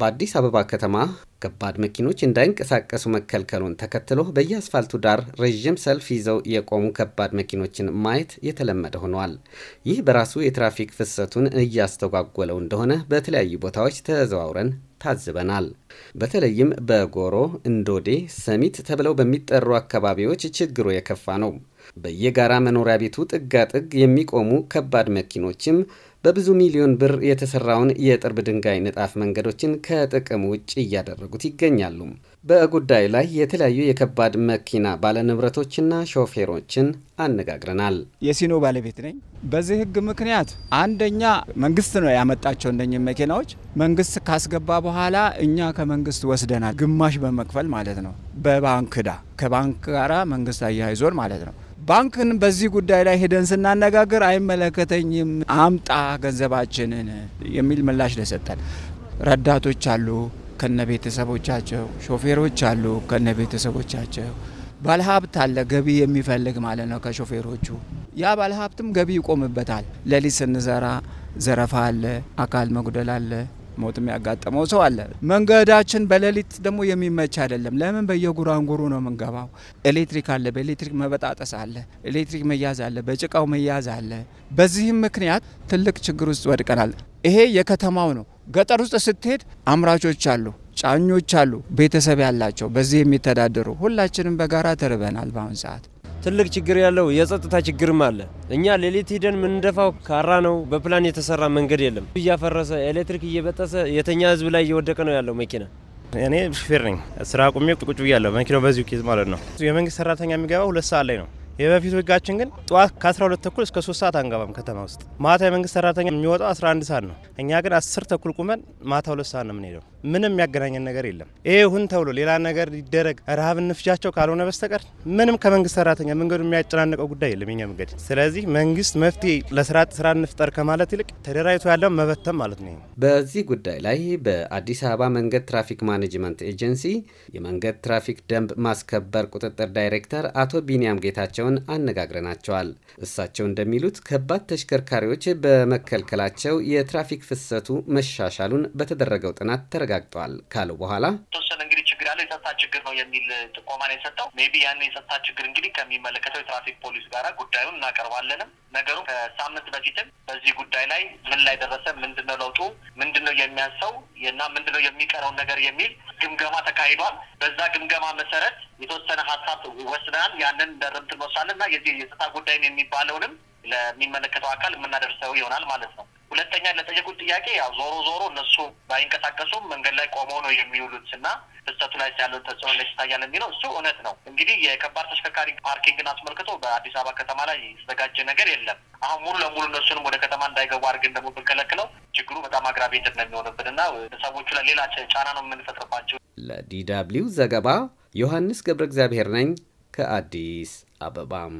በአዲስ አበባ ከተማ ከባድ መኪኖች እንዳይንቀሳቀሱ መከልከሉን ተከትሎ በየአስፋልቱ ዳር ረዥም ሰልፍ ይዘው የቆሙ ከባድ መኪኖችን ማየት የተለመደ ሆኗል። ይህ በራሱ የትራፊክ ፍሰቱን እያስተጓጎለው እንደሆነ በተለያዩ ቦታዎች ተዘዋውረን ታዝበናል። በተለይም በጎሮ፣ እንዶዴ፣ ሰሚት ተብለው በሚጠሩ አካባቢዎች ችግሩ የከፋ ነው። በየጋራ መኖሪያ ቤቱ ጥጋ ጥግ የሚቆሙ ከባድ መኪኖችም በብዙ ሚሊዮን ብር የተሰራውን የጥርብ ድንጋይ ንጣፍ መንገዶችን ከጥቅም ውጭ እያደረጉት ይገኛሉ። በጉዳዩ ላይ የተለያዩ የከባድ መኪና ባለንብረቶችና ሾፌሮችን አነጋግረናል። የሲኖ ባለቤት ነኝ። በዚህ ህግ ምክንያት አንደኛ መንግስት ነው ያመጣቸው እንደኝ መኪናዎች መንግስት ካስገባ በኋላ እኛ ከመንግስት ወስደናል፣ ግማሽ በመክፈል ማለት ነው። በባንክ እዳ ከባንክ ጋራ መንግስት አያይዞን ማለት ነው። ባንክን በዚህ ጉዳይ ላይ ሄደን ስናነጋግር አይመለከተኝም፣ አምጣ ገንዘባችንን የሚል ምላሽ ለሰጠን ረዳቶች አሉ ከነ ቤተሰቦቻቸው፣ ሾፌሮች አሉ ከነ ቤተሰቦቻቸው፣ ባለሀብት አለ ገቢ የሚፈልግ ማለት ነው ከሾፌሮቹ። ያ ባለሀብትም ገቢ ይቆምበታል። ሌሊት ስንዘራ ዘረፋ አለ፣ አካል መጉደል አለ ሞት የሚያጋጥመው ሰው አለ። መንገዳችን በሌሊት ደግሞ የሚመች አይደለም። ለምን? በየጉራንጉሩ ነው የምንገባው። ኤሌክትሪክ አለ፣ በኤሌክትሪክ መበጣጠስ አለ፣ ኤሌክትሪክ መያዝ አለ፣ በጭቃው መያዝ አለ። በዚህም ምክንያት ትልቅ ችግር ውስጥ ወድቀናል። ይሄ የከተማው ነው። ገጠር ውስጥ ስትሄድ አምራቾች አሉ፣ ጫኞች አሉ፣ ቤተሰብ ያላቸው በዚህ የሚተዳደሩ ሁላችንም በጋራ ተርበናል በአሁን ሰዓት ትልቅ ችግር ያለው የጸጥታ ችግርም አለ። እኛ ሌሊት ሂደን ምንደፋው ካራ ነው። በፕላን የተሰራ መንገድ የለም። እያፈረሰ ኤሌክትሪክ እየበጠሰ የተኛ ህዝብ ላይ እየወደቀ ነው ያለው መኪና። እኔ ሹፌር ነኝ። ስራ አቁሜ ቁጭ ብያለሁ። መኪናው በዚሁ ኬዝ ማለት ነው። የመንግስት ሰራተኛ የሚገባው ሁለት ሰዓት ላይ ነው። የበፊቱ ህጋችን ግን ጠዋት ከ12 ተኩል እስከ 3 ሰዓት አንገባም ከተማ ውስጥ። ማታ የመንግስት ሰራተኛ የሚወጣው 11 ሰዓት ነው። እኛ ግን 10 ተኩል ቁመን ማታ 2 ሰዓት ነው የምንሄደው። ምንም የሚያገናኘን ነገር የለም። ይሄ ሁን ተብሎ ሌላ ነገር ሊደረግ ረሃብ እንፍጃቸው ካልሆነ በስተቀር ምንም ከመንግስት ሰራተኛ መንገዱ የሚያጨናንቀው ጉዳይ የለም የኛ መንገድ። ስለዚህ መንግስት መፍትሄ ለስርዓት ስራ እንፍጠር ከማለት ይልቅ ተደራጅቶ ያለው መበተም ማለት ነው። በዚህ ጉዳይ ላይ በአዲስ አበባ መንገድ ትራፊክ ማኔጅመንት ኤጀንሲ የመንገድ ትራፊክ ደንብ ማስከበር ቁጥጥር ዳይሬክተር አቶ ቢኒያም ጌታቸው መሆናቸውን አነጋግረናቸዋል። እሳቸው እንደሚሉት ከባድ ተሽከርካሪዎች በመከልከላቸው የትራፊክ ፍሰቱ መሻሻሉን በተደረገው ጥናት ተረጋግጧል ካሉ በኋላ የተወሰነ እንግዲህ ችግር ያለው የጸጥታ ችግር ነው የሚል ጥቆማ ነው የሰጠው። ሜቢ ያን የጸጥታ ችግር እንግዲህ ከሚመለከተው የትራፊክ ፖሊስ ጋር ጉዳዩን እናቀርባለንም። ነገሩ ከሳምንት በፊትም በዚህ ጉዳይ ላይ ምን ላይ ደረሰ፣ ምንድነው ለውጡ፣ ምንድነው የሚያንሰው እና ምንድነው የሚቀረውን ነገር የሚል ግምገማ ተካሂዷል። በዛ ግምገማ መሰረት የተወሰነ ሀሳብ ወስደናል። ያንን ደረምት እንወስዳለን እና የዚህ የጸጥታ ጉዳይም የሚባለውንም ለሚመለከተው አካል የምናደርሰው ይሆናል ማለት ነው። ሁለተኛ ለጠየቁት ጥያቄ ያው ዞሮ ዞሮ እነሱ ባይንቀሳቀሱም መንገድ ላይ ቆመው ነው የሚውሉት እና ፍሰቱ ላይ ያለው ተጽዕኖ ላይ ይታያል የሚለው እሱ እውነት ነው። እንግዲህ የከባድ ተሽከርካሪ ፓርኪንግን አስመልክቶ በአዲስ አበባ ከተማ ላይ የተዘጋጀ ነገር የለም። አሁን ሙሉ ለሙሉ እነሱንም ወደ ከተማ እንዳይገቡ አድርገን ደግሞ ብንከለክለው ችግሩ በጣም አግራቤትድ ነው የሚሆንብን እና ሰዎቹ ላይ ሌላ ጫና ነው የምንፈጥርባቸው። ለዲደብሊው ዘገባ ዮሐንስ ገብረ እግዚአብሔር ነኝ ከአዲስ አበባም